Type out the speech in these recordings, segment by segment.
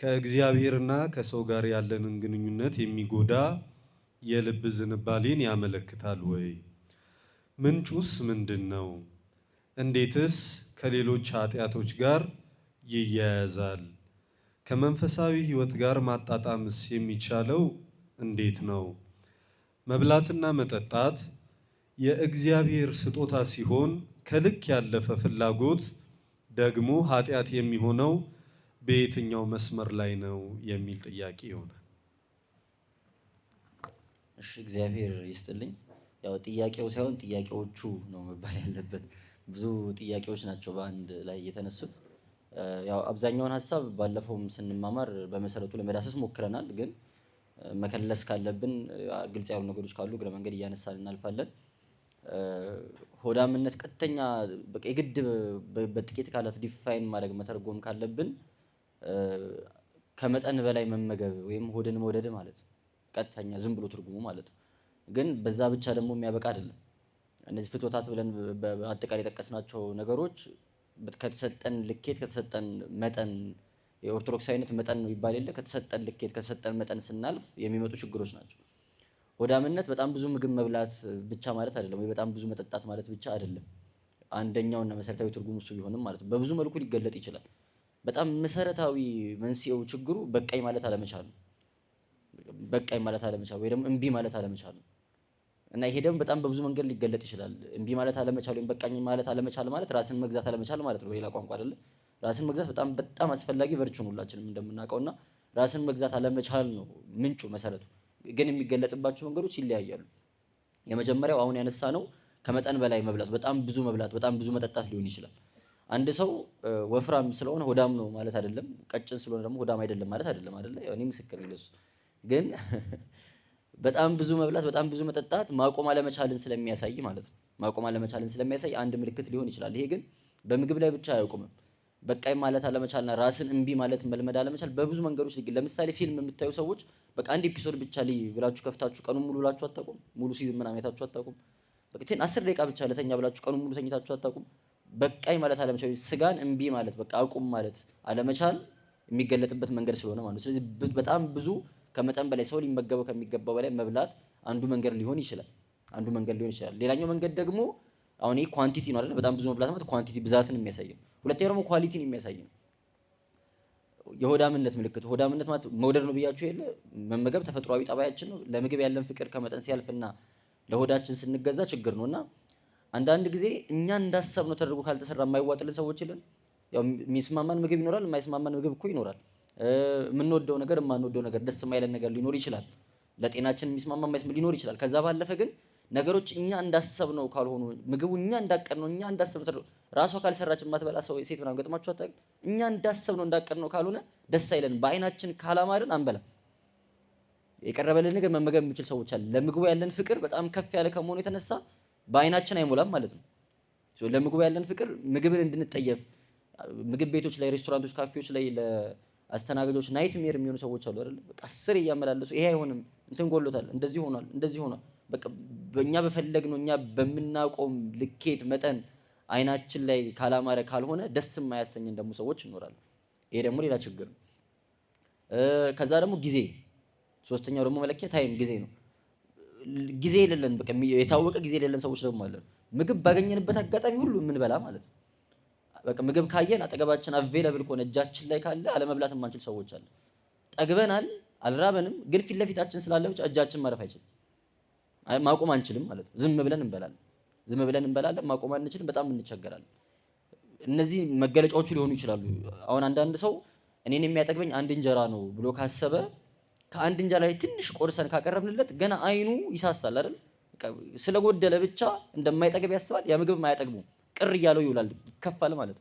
ከእግዚአብሔርና ከሰው ጋር ያለንን ግንኙነት የሚጎዳ የልብ ዝንባሌን ያመለክታል ወይ? ምንጩስ ምንድን ነው? እንዴትስ ከሌሎች ኃጢአቶች ጋር ይያያዛል? ከመንፈሳዊ ሕይወት ጋር ማጣጣምስ የሚቻለው እንዴት ነው? መብላትና መጠጣት የእግዚአብሔር ስጦታ ሲሆን ከልክ ያለፈ ፍላጎት ደግሞ ኃጢአት የሚሆነው በየትኛው መስመር ላይ ነው የሚል ጥያቄ ይሆናል። እሺ እግዚአብሔር ይስጥልኝ። ያው ጥያቄው ሳይሆን ጥያቄዎቹ ነው መባል ያለበት። ብዙ ጥያቄዎች ናቸው በአንድ ላይ የተነሱት። ያው አብዛኛውን ሀሳብ ባለፈውም ስንማማር በመሰረቱ ለመዳሰስ ሞክረናል። ግን መከለስ ካለብን ግልጽ ያሉ ነገሮች ካሉ እግረ መንገድ እያነሳን እናልፋለን። ሆዳምነት ቀጥተኛ የግድ በጥቂት ቃላት ዲፋይን ማድረግ መተርጎም ካለብን ከመጠን በላይ መመገብ ወይም ሆድን መውደድ ማለት ነው። ቀጥተኛ ዝም ብሎ ትርጉሙ ማለት ነው። ግን በዛ ብቻ ደግሞ የሚያበቃ አይደለም። እነዚህ ፍትወታት ብለን በአጠቃላይ የጠቀስናቸው ነገሮች ከተሰጠን ልኬት ከተሰጠን መጠን አይነት መጠን ነው ይባል የለ ከተሰጠን ልኬት ከተሰጠን መጠን ስናልፍ የሚመጡ ችግሮች ናቸው። ሆዳምነት በጣም ብዙ ምግብ መብላት ብቻ ማለት አይደለም፣ ወይ በጣም ብዙ መጠጣት ማለት ብቻ አይደለም። አንደኛውና መሰረታዊ ትርጉም እሱ ቢሆንም ማለት ነው በብዙ መልኩ ሊገለጥ ይችላል። በጣም መሰረታዊ መንስኤው ችግሩ በቃኝ ማለት አለመቻል ነው። በቃኝ ማለት አለመቻል ወይ ደግሞ እምቢ ማለት አለመቻል ነው እና ይሄ ደግሞ በጣም በብዙ መንገድ ሊገለጥ ይችላል። እምቢ ማለት አለመቻል ወይም በቃኝ ማለት አለመቻል ማለት ራስን መግዛት አለመቻል ማለት ነው። በሌላ ቋንቋ አይደለ ራስን መግዛት በጣም በጣም አስፈላጊ ቨርቹ ነው ሁላችንም እንደምናውቀው እና ራስን መግዛት አለመቻል ነው ምንጩ መሰረቱ። ግን የሚገለጥባቸው መንገዶች ይለያያሉ። የመጀመሪያው አሁን ያነሳ ነው ከመጠን በላይ መብላት፣ በጣም ብዙ መብላት፣ በጣም ብዙ መጠጣት ሊሆን ይችላል። አንድ ሰው ወፍራም ስለሆነ ሆዳም ነው ማለት አይደለም፣ ቀጭን ስለሆነ ደግሞ ሆዳም አይደለም ማለት አይደለም። አይደለ? እኔ ምስክር ለሱ። ግን በጣም ብዙ መብላት፣ በጣም ብዙ መጠጣት ማቆም አለመቻልን ስለሚያሳይ ማለት ነው። ማቆም አለመቻልን ስለሚያሳይ አንድ ምልክት ሊሆን ይችላል። ይሄ ግን በምግብ ላይ ብቻ አያውቁምም። በቃይ ማለት አለመቻልና ራስን እምቢ ማለት መልመድ አለመቻል በብዙ መንገዶች ሊገኝ። ለምሳሌ ፊልም የምታዩ ሰዎች በቃ አንድ ኤፒሶድ ብቻ ልይ ብላችሁ ከፍታችሁ ቀኑን ሙሉ ብላችሁ አታውቁም። ሙሉ ሲዝም ምናምን አይታችሁ አታውቁም። በቃ አስር ደቂቃ ብቻ ለተኛ ብላችሁ ቀኑን ሙሉ ተኝታችሁ አታውቁም። በቃኝ ማለት አለመቻል፣ ስጋን እምቢ ማለት በቃ አቁም ማለት አለመቻል የሚገለጥበት መንገድ ስለሆነ ማለት ነው። ስለዚህ በጣም ብዙ ከመጠን በላይ ሰው ሊመገበው ከሚገባው በላይ መብላት አንዱ መንገድ ሊሆን ይችላል። አንዱ መንገድ ሊሆን ይችላል። ሌላኛው መንገድ ደግሞ አሁን ይሄ ኳንቲቲ ነው አይደል? በጣም ብዙ መብላት ማለት ኳንቲቲ ብዛትን የሚያሳይ ነው። ሁለተኛው ደግሞ ኳሊቲን የሚያሳይ ነው። የሆዳምነት ምልክት ሆዳምነት ማለት መውደድ ነው ብያችሁ የለ መመገብ ተፈጥሯዊ ጠባያችን ነው። ለምግብ ያለን ፍቅር ከመጠን ሲያልፍና ለሆዳችን ስንገዛ ችግር ነውና አንዳንድ ጊዜ እኛ እንዳሰብነው ተደርጎ ካልተሰራ የማይዋጥልን ሰዎች ልን ያው የሚስማማን ምግብ ይኖራል፣ የማይስማማን ምግብ እኮ ይኖራል። የምንወደው ነገር፣ የማንወደው ነገር፣ ደስ የማይለን ነገር ሊኖር ይችላል። ለጤናችን የሚስማማ የማይስማ ሊኖር ይችላል። ከዛ ባለፈ ግን ነገሮች እኛ እንዳሰብነው ካልሆኑ ምግቡ እኛ እንዳቀድነው እኛ እንዳሰብነው ተደርጎ ራሷ ካልሰራችን ማትበላ ሰው ሴት ምናምን ገጥማችሁ አታውቅም? እኛ እንዳሰብነው እንዳቀድነው ካልሆነ ደስ አይለን፣ በአይናችን ካላማርን አንበላ። የቀረበልን ነገር መመገብ የምችል ሰዎች አለ። ለምግቡ ያለን ፍቅር በጣም ከፍ ያለ ከመሆኑ የተነሳ በአይናችን አይሞላም ማለት ነው። ለምግቡ ያለን ፍቅር ምግብን እንድንጠየፍ ምግብ ቤቶች ላይ፣ ሬስቶራንቶች፣ ካፌዎች ላይ ለአስተናጋጆች ናይት ሜር የሚሆኑ ሰዎች አሉ አይደል? በቃ ስር እያመላለሱ ይሄ አይሆንም፣ እንትን ጎሎታል፣ እንደዚህ ሆኗል፣ እንደዚህ ሆኗል። በቃ በእኛ ነው እኛ በምናውቀው ልኬት መጠን አይናችን ላይ ካላማረ ካልሆነ ደስ የማያሰኝን ደግሞ ሰዎች ይኖራሉ። ይሄ ደግሞ ሌላ ችግር ነው። ከዛ ደግሞ ጊዜ ሶስተኛው ደግሞ መለኪያ ታይም ጊዜ ነው። ጊዜ የሌለን በቃ የታወቀ ጊዜ የሌለን ሰዎች ደግሞ አለን። ምግብ ባገኘንበት አጋጣሚ ሁሉ የምንበላ ማለት ነው። በቃ ምግብ ካየን አጠገባችን አቬለብል ከሆነ እጃችን ላይ ካለ አለመብላት የማንችል ሰዎች አለ። ጠግበናል፣ አልራበንም፣ ግን ፊት ለፊታችን ስላለ ብቻ እጃችን ማረፍ አይችልም፣ ማቆም አንችልም ማለት ነው። ዝም ብለን እንበላለን፣ ዝም ብለን እንበላለን፣ ማቆም አንችልም፣ በጣም እንቸገራለን። እነዚህ መገለጫዎቹ ሊሆኑ ይችላሉ። አሁን አንዳንድ ሰው እኔን የሚያጠግበኝ አንድ እንጀራ ነው ብሎ ካሰበ ከአንድ እንጀራ ላይ ትንሽ ቆርሰን ካቀረብንለት ገና አይኑ ይሳሳል አይደል? ስለጎደለ ብቻ እንደማይጠግብ ያስባል። ያ ምግብ አያጠግቡም፣ ቅር እያለው ይውላል፣ ይከፋል ማለት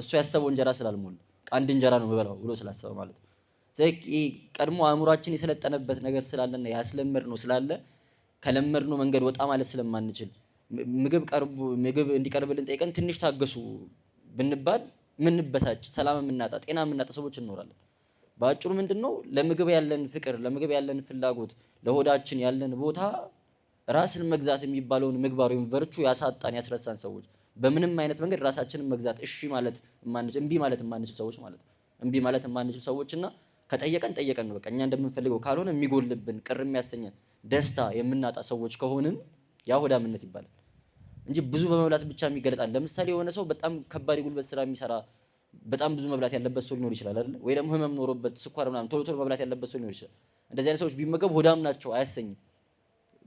እሱ ያሰበው እንጀራ ስላልሞል አንድ እንጀራ ነው የምበላው ብሎ ስላሰበ ማለት ቀድሞ አእምሯችን የሰለጠነበት ነገር ስላለና ያስለመድነው ስላለ ነው መንገድ ወጣ ማለት ስለማንችል ምግብ ቀርቡ ምግብ እንዲቀርብልን ጠይቀን ትንሽ ታገሱ ብንባል ምንበሳጭ፣ ሰላም የምናጣ፣ ጤና የምናጣ ሰዎች እንኖራለን። በአጭሩ ምንድን ነው ለምግብ ያለን ፍቅር፣ ለምግብ ያለን ፍላጎት፣ ለሆዳችን ያለን ቦታ ራስን መግዛት የሚባለውን ምግባር ወይም ቨርቹ ያሳጣን ያስረሳን ሰዎች በምንም አይነት መንገድ ራሳችንን መግዛት እሺ ማለት ማንችል እምቢ ማለት ማንችል ሰዎች ማለት እምቢ ማለት ማንችል ሰዎች እና ከጠየቀን ጠየቀን ነው በቃ እኛ እንደምንፈልገው ካልሆነ የሚጎልብን ቅር የሚያሰኘን ደስታ የምናጣ ሰዎች ከሆንን ያ ሆዳምነት ይባላል እንጂ ብዙ በመብላት ብቻ የሚገለጣል። ለምሳሌ የሆነ ሰው በጣም ከባድ የጉልበት ስራ የሚሰራ በጣም ብዙ መብላት ያለበት ሰው ሊኖር ይችላል አይደል? ወይ ደግሞ ህመም ኖሮበት ስኳር ምናምን ቶሎ ቶሎ መብላት ያለበት ሰው ሊኖር ይችላል። እንደዚህ አይነት ሰዎች ቢመገቡ ሆዳም ናቸው አያሰኝም።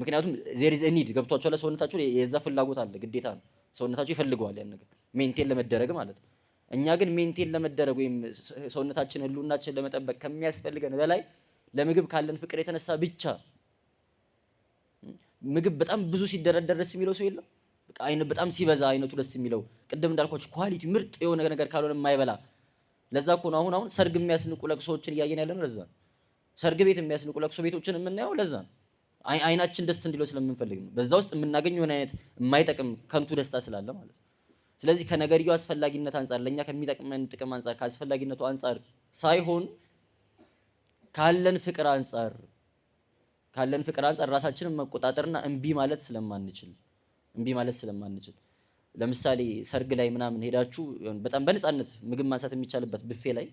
ምክንያቱም ዜር ኢዝ ኒድ ገብቷቸዋል። ሰውነታቸው የዛ ፍላጎት አለ፣ ግዴታ ነው። ሰውነታቸው ይፈልገዋል ያን ነገር ሜንቴን ለመደረግ ማለት ነው። እኛ ግን ሜንቴን ለመደረግ ወይም ሰውነታችን ህልውናችን ለመጠበቅ ከሚያስፈልገን በላይ ለምግብ ካለን ፍቅር የተነሳ ብቻ ምግብ በጣም ብዙ ሲደረደር ደስ የሚለው ሰው የለም። አይነ በጣም ሲበዛ አይነቱ ደስ የሚለው ቅድም እንዳልኳችሁ ኳሊቲ ምርጥ የሆነ ነገር ካልሆነ የማይበላ ለዛ እኮ ነው። አሁን አሁን ሰርግ የሚያስንቁ ለቅሶዎችን እያየን ያለ ነው። ለዛ ሰርግ ቤት የሚያስንቁ ለቅሶ ቤቶችን የምናየው ለዛ ነው። አይናችን ደስ እንዲለው ስለምንፈልግ ነው። በዛ ውስጥ የምናገኝ የሆነ አይነት የማይጠቅም ከንቱ ደስታ ስላለ ማለት ነው። ስለዚህ ከነገርየው አስፈላጊነት አንጻር ለእኛ ከሚጠቅመን ጥቅም አንጻር ከአስፈላጊነቱ አንጻር ሳይሆን ካለን ፍቅር አንጻር ካለን ፍቅር አንጻር ራሳችንን መቆጣጠርና እምቢ ማለት ስለማንችል እምቢ ማለት ስለማንችል ለምሳሌ ሰርግ ላይ ምናምን ሄዳችሁ በጣም በነፃነት ምግብ ማንሳት የሚቻልበት ብፌ ላይ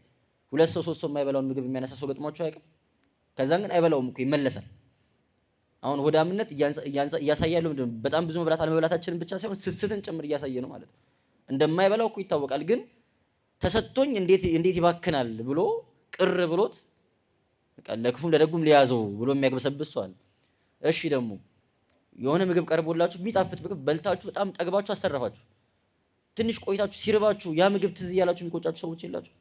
ሁለት ሰው ሶስት ሰው የማይበላውን ምግብ የሚያነሳ ሰው ገጥሟችሁ አያውቅም? ከዛን ግን አይበላውም እኮ ይመለሳል። አሁን ሆዳምነት እያሳያሉ ምንድን በጣም ብዙ መብላት አለመብላታችንን ብቻ ሳይሆን ስስትን ጭምር እያሳየ ነው ማለት ነው። እንደማይበላው እኮ ይታወቃል። ግን ተሰጥቶኝ እንዴት ይባክናል ብሎ ቅር ብሎት ለክፉም ለደጉም ሊያዘው ብሎ የሚያግበሰብስ እሺ ደግሞ የሆነ ምግብ ቀርቦላችሁ የሚጣፍጥ ምግብ በልታችሁ በጣም ጠግባችሁ አሰረፋችሁ ትንሽ ቆይታችሁ ሲርባችሁ ያ ምግብ ትዝ እያላችሁ የሚቆጫችሁ ሰዎች የላችሁ?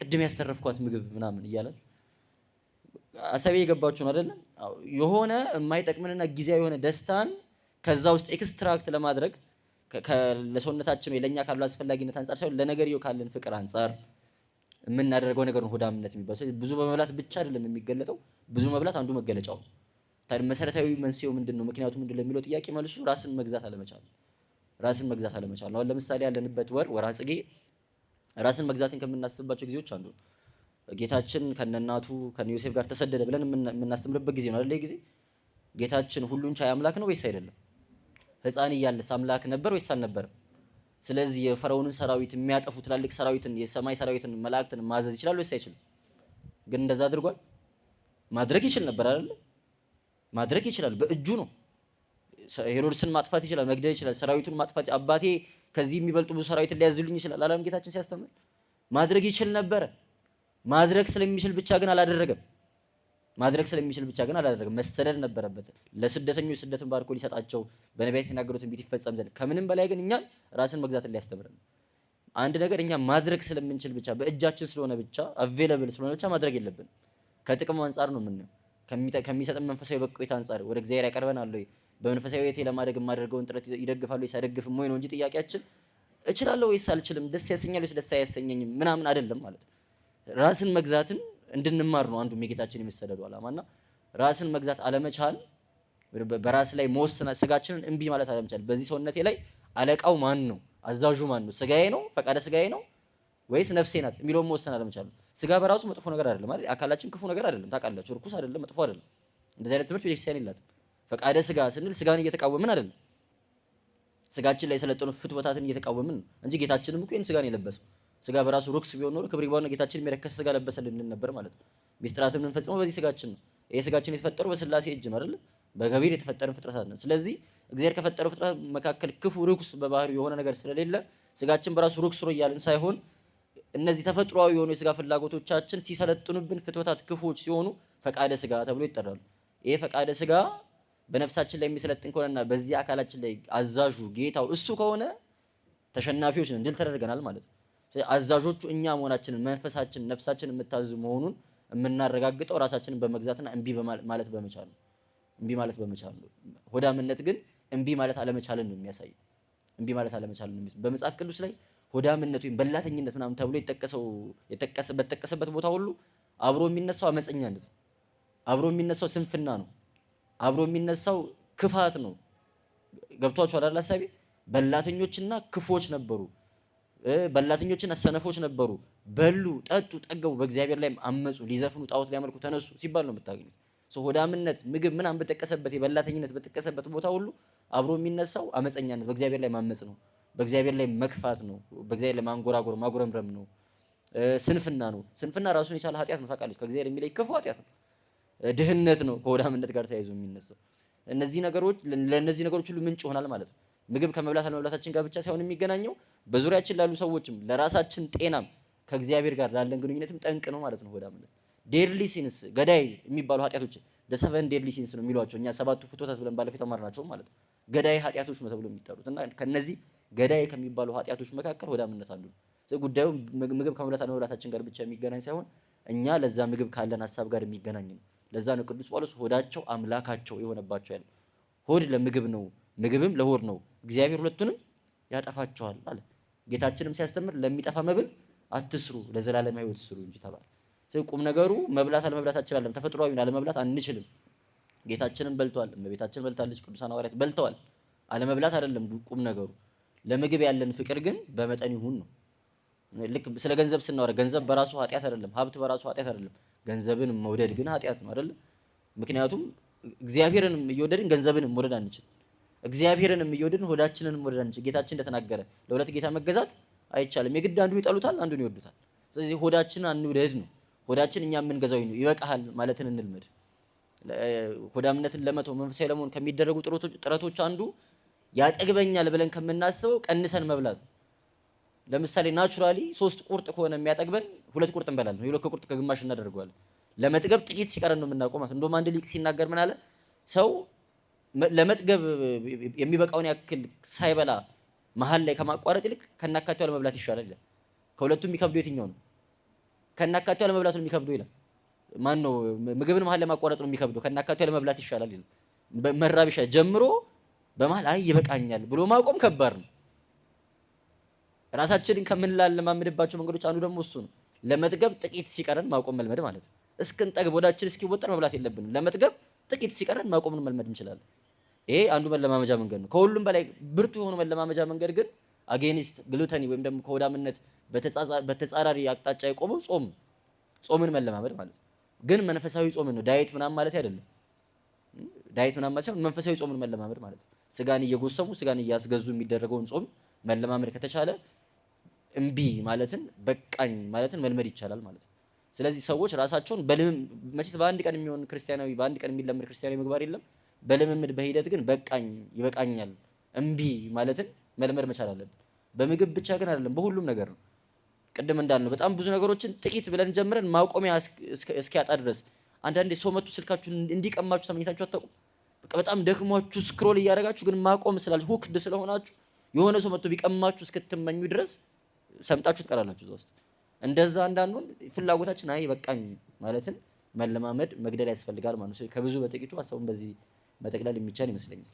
ቅድም ያሰረፍኳት ምግብ ምናምን እያላችሁ አሰቤ የገባችሁን ነው አይደለም? የሆነ የማይጠቅምንና ጊዜያዊ የሆነ ደስታን ከዛ ውስጥ ኤክስትራክት ለማድረግ ለሰውነታችን ወይ ለእኛ ካሉ አስፈላጊነት አንጻር ሳይሆን ለነገርየው ካለን ፍቅር አንጻር የምናደርገው ነገር ነው ሆዳምነት የሚባለው። ብዙ በመብላት ብቻ አይደለም የሚገለጠው። ብዙ መብላት አንዱ መገለጫው ነው። ታዲያ መሰረታዊ መንስኤው ምንድን ነው? ምክንያቱ ምንድን ነው የሚለው ጥያቄ መልሱ ራስን መግዛት አለመቻል፣ ራስን መግዛት አለመቻል ነው። አሁን ለምሳሌ ያለንበት ወር ወርሃ ጽጌ ራስን መግዛትን ከምናስብባቸው ጊዜዎች አንዱ ጌታችን ከነናቱ ከዮሴፍ ጋር ተሰደደ ብለን የምናስተምርበት ጊዜ ነው አይደል? ጊዜ ጌታችን ሁሉን ቻይ አምላክ ነው ወይስ አይደለም? ህፃን እያለስ አምላክ ነበር ወይስ አልነበረም? ስለዚህ የፈርዖንን ሰራዊት የሚያጠፉ ትላልቅ ሰራዊትን የሰማይ ሰራዊትን መላእክትን ማዘዝ ይችላል ወይስ አይችልም? ግን እንደዛ አድርጓል። ማድረግ ይችል ነበር አይደለም? ማድረግ ይችላል። በእጁ ነው። ሄሮድስን ማጥፋት ይችላል፣ መግደል ይችላል፣ ሰራዊቱን ማጥፋት። አባቴ ከዚህ የሚበልጡ ብዙ ሰራዊት ሊያዝልኝ ይችላል አላም ጌታችን ሲያስተምር? ማድረግ ይችል ነበረ። ማድረግ ስለሚችል ብቻ ግን አላደረገም። ማድረግ ስለሚችል ብቻ ግን አላደረገም። መሰደድ ነበረበት። ለስደተኞች ስደትን ባርኮ ሊሰጣቸው በነቢያት የተናገሩት ቢት ይፈጸም ዘንድ ከምንም በላይ ግን እኛን ራስን መግዛትን ሊያስተምረን አንድ ነገር እኛ ማድረግ ስለምንችል ብቻ በእጃችን ስለሆነ ብቻ አቬለብል ስለሆነ ብቻ ማድረግ የለብን። ከጥቅም አንጻር ነው የምናየው። ከሚሰጥን መንፈሳዊ በቆይታ አንጻር ወደ እግዚአብሔር ያቀርበናል ወይ? በመንፈሳዊ ሕይወቴ ለማደግ የማደርገውን ጥረት ይደግፋሉ ወይስ አይደግፍም ወይ ነው እንጂ ጥያቄያችን እችላለሁ ወይስ አልችልም፣ ደስ ያሰኛል ወይስ ደስ አያሰኘኝም ምናምን አይደለም ማለት ነው። ራስን መግዛትን እንድንማር ነው አንዱ የጌታችን የሚሰደዱ ዓላማና ራስን መግዛት አለመቻል በራስ ላይ መወሰን ስጋችንን እምቢ ማለት አለመቻል። በዚህ ሰውነቴ ላይ አለቃው ማን ነው? አዛዡ ማን ነው? ስጋዬ ነው? ፈቃደ ስጋዬ ነው ወይስ ነፍሴ ናት የሚለውን መወሰን አለመቻለሁ። ስጋ በራሱ መጥፎ ነገር አይደለም አይደል? አካላችን ክፉ ነገር አይደለም። ታውቃላችሁ፣ እርኩስ አይደለም፣ መጥፎ አይደለም። እንደዚህ አይነት ትምህርት ቤተክርስቲያን የላትም። ፈቃደ ስጋ ስንል ስጋን እየተቃወምን አይደለም፣ ስጋችን ላይ የሰለጠኑ ፍትወታትን እየተቃወምን ነው እንጂ ጌታችንም እኮ ይህን ስጋን የለበሰው ስጋ በራሱ ሩክስ ቢሆን ኖሮ ክብር ይግባውና ጌታችን የሚረከስ ስጋ ለበሰልን ነበር ማለት ነው። ሚስጥራትን የምንፈጽመው በዚህ ስጋችን ነው። ይሄ ስጋችን የተፈጠሩ በስላሴ እጅ ነው አይደል? በገቢር የተፈጠረን ፍጥረታት ነው። ስለዚህ እግዚአብሔር ከፈጠረው ፍጥረት መካከል ክፉ ርኩስ በባህሪው የሆነ ነገር ስለሌለ ስጋችን በራሱ ሩክስ ነው እያልን ሳይሆን እነዚህ ተፈጥሯዊ የሆኑ የስጋ ፍላጎቶቻችን ሲሰለጥኑብን ፍትወታት ክፉዎች ሲሆኑ ፈቃደ ስጋ ተብሎ ይጠራሉ። ይሄ ፈቃደ ስጋ በነፍሳችን ላይ የሚሰለጥን ከሆነና በዚህ አካላችን ላይ አዛዡ ጌታው እሱ ከሆነ ተሸናፊዎች ነን፣ ድል ተደርገናል ማለት ነው። አዛዦቹ እኛ መሆናችንን መንፈሳችን፣ ነፍሳችን የምታዝ መሆኑን የምናረጋግጠው ራሳችንን በመግዛትና እምቢ ማለት በመቻል ነው። እምቢ ማለት በመቻል ነው። ሆዳምነት ግን እምቢ ማለት አለመቻልን ነው የሚያሳይ። እምቢ ማለት አለመቻልን ነው። በመጽሐፍ ቅዱስ ላይ ሆዳምነት ወይም በላተኝነት ምናምን ተብሎ የጠቀሰው በተጠቀሰበት ቦታ ሁሉ አብሮ የሚነሳው አመፀኛነት ነው። አብሮ የሚነሳው ስንፍና ነው። አብሮ የሚነሳው ክፋት ነው። ገብቷቸው አይደል? ሀሳቤ በላተኞችና ክፎች ነበሩ። በላተኞችና ሰነፎች ነበሩ። በሉ፣ ጠጡ፣ ጠገቡ፣ በእግዚአብሔር ላይ አመፁ፣ ሊዘፍኑ ጣዖት ሊያመልኩ ተነሱ ሲባል ነው የምታገኙት። ሆዳምነት፣ ምግብ ምናምን በጠቀሰበት የበላተኝነት በጠቀሰበት ቦታ ሁሉ አብሮ የሚነሳው አመፀኛነት፣ በእግዚአብሔር ላይ ማመፅ ነው። በእግዚአብሔር ላይ መክፋት ነው። በእግዚአብሔር ላይ ማንጎራጎር ማጉረምረም ነው። ስንፍና ነው። ስንፍና ራሱን የቻለ ኃጢአት ነው። ታውቃለች ከእግዚአብሔር የሚለይ ክፉ ኃጢአት ነው። ድህነት ነው ከወዳምነት ጋር ተያይዞ የሚነሳው። እነዚህ ነገሮች ለእነዚህ ነገሮች ሁሉ ምንጭ ይሆናል ማለት ነው። ምግብ ከመብላት አለመብላታችን ጋር ብቻ ሳይሆን የሚገናኘው በዙሪያችን ላሉ ሰዎችም፣ ለራሳችን ጤናም፣ ከእግዚአብሔር ጋር ላለን ግንኙነትም ጠንቅ ነው ማለት ነው ወዳምነት ዴድሊ ሲንስ ገዳይ የሚባሉ ኃጢአቶች ዘሰቨን ዴድሊ ሲንስ ነው የሚሏቸው እኛ ሰባቱ ፍቶታት ብለን ባለፊት ተማርናቸው ማለት ነው። ገዳይ ኃጢአቶች ነው ተብሎ የሚጠሩት እና ከነዚህ ገዳይ ከሚባሉ ኃጢአቶች መካከል ሆዳምነት አንዱ ነው። ጉዳዩ ምግብ ከመብላት አለመብላታችን ጋር ብቻ የሚገናኝ ሳይሆን እኛ ለዛ ምግብ ካለን ሀሳብ ጋር የሚገናኝ ነው። ለዛ ነው ቅዱስ ጳውሎስ ሆዳቸው አምላካቸው የሆነባቸው ያለ። ሆድ ለምግብ ነው፣ ምግብም ለሆድ ነው። እግዚአብሔር ሁለቱንም ያጠፋቸዋል አለ። ጌታችንም ሲያስተምር ለሚጠፋ መብል አትስሩ፣ ለዘላለም ህይወት ስሩ እንጂ ተባለ። ቁም ነገሩ መብላት አለመብላት አለም ተፈጥሯዊ አለመብላት አንችልም። ጌታችንን በልተዋል፣ እመቤታችን በልታለች፣ ቅዱሳን ሐዋርያት በልተዋል። አለመብላት አይደለም ቁም ነገሩ ለምግብ ያለን ፍቅር ግን በመጠን ይሁን ነው። ልክ ስለ ገንዘብ ስናወራ ገንዘብ በራሱ ኃጢአት አይደለም፣ ሀብት በራሱ ኃጢአት አይደለም። ገንዘብን መውደድ ግን ኃጢአት ነው አይደለ? ምክንያቱም እግዚአብሔርንም እየወደድን ገንዘብንም መውደድ አንችል። እግዚአብሔርንም እየወደድን ሆዳችንን መውደድ አንችል። ጌታችን እንደተናገረ ለሁለት ጌታ መገዛት አይቻልም። የግድ አንዱን ይጠሉታል፣ አንዱን ይወዱታል። ስለዚህ ሆዳችንን አንውደድ ነው። ሆዳችን እኛ የምንገዛው ነው። ይበቃሃል ማለትን እንልመድ። ሆዳምነትን ለመተው መንፈሳዊ ለመሆን ከሚደረጉ ጥረቶች አንዱ ያጠግበኛል ብለን ከምናስበው ቀንሰን መብላት ለምሳሌ ናቹራሊ ሶስት ቁርጥ ከሆነ የሚያጠግበን ሁለት ቁርጥ እንበላለን። ሁለት ቁርጥ ከግማሽ እናደርገዋለን። ለመጥገብ ጥቂት ሲቀረን ነው የምናቆማት። እንደውም አንድ ሊቅ ሲናገር ምን አለ? ሰው ለመጥገብ የሚበቃውን ያክል ሳይበላ መሀል ላይ ከማቋረጥ ይልቅ ከናካቴው ለመብላት ይሻላል ይላል። ከሁለቱም የሚከብደው የትኛው ነው? ከናካቴው ለመብላት ነው የሚከብዱ ይላል። ማን ነው ምግብን መሀል ላይ ማቋረጥ ነው የሚከብዱ? ከናካቴው ለመብላት ይሻላል ይላል። መራቢሻ ጀምሮ በመሀል አይ ይበቃኛል ብሎ ማቆም ከባድ ነው። ራሳችንን ከምንላለማምድባቸው መንገዶች አንዱ ደግሞ እሱ ነው። ለመጥገብ ጥቂት ሲቀረን ማቆም መልመድ ማለት ነው። እስክንጠግብ ወዳችን እስኪወጠር መብላት የለብንም። ለመጥገብ ጥቂት ሲቀረን ማቆምን መልመድ እንችላለን። ይሄ አንዱ መለማመጃ መንገድ ነው። ከሁሉም በላይ ብርቱ የሆኑ መለማመጃ መንገድ ግን አጌኒስት ግሉተኒ ወይም ደግሞ ከወዳምነት በተጻራሪ አቅጣጫ የቆመው ጾም ጾምን መለማመድ ማለት ነው። ግን መንፈሳዊ ጾምን ነው። ዳየት ምናምን ማለት አይደለም። ዳይት ምናምን ሳይሆን መንፈሳዊ ጾምን መለማመድ ማለት ነው። ስጋን እየጎሰሙ ስጋን እያስገዙ የሚደረገውን ጾም መለማመድ ከተቻለ እምቢ ማለትን በቃኝ ማለትን መልመድ ይቻላል ማለት ነው። ስለዚህ ሰዎች ራሳቸውን በልምም መቼስ በአንድ ቀን የሚሆን ክርስቲያናዊ በአንድ ቀን የሚለምድ ክርስቲያናዊ ምግባር የለም። በልምምድ በሂደት ግን በቃኝ ይበቃኛል እምቢ ማለትን መልመድ መቻል አለብን። በምግብ ብቻ ግን አይደለም፣ በሁሉም ነገር ነው። ቅድም እንዳልነው በጣም ብዙ ነገሮችን ጥቂት ብለን ጀምረን ማቆሚያ እስኪያጣ ድረስ አንዳንዴ ሰው መጥቶ ስልካችሁን እንዲቀማችሁ ተመኝታችሁ አታውቁም? በቃ በጣም ደክሟችሁ ስክሮል እያደረጋችሁ ግን ማቆም ስላል ሁክድ ስለሆናችሁ የሆነ ሰው መጥቶ ቢቀማችሁ እስክትመኙ ድረስ ሰምጣችሁ ትቀራላችሁ እዛ ውስጥ። እንደዛ እንዳንሆን ፍላጎታችን አይ በቃኝ ማለትን መለማመድ መግደል ያስፈልጋል ማለት ነው። ከብዙ በጥቂቱ ሀሳቡን በዚህ መጠቅለል የሚቻል ይመስለኛል።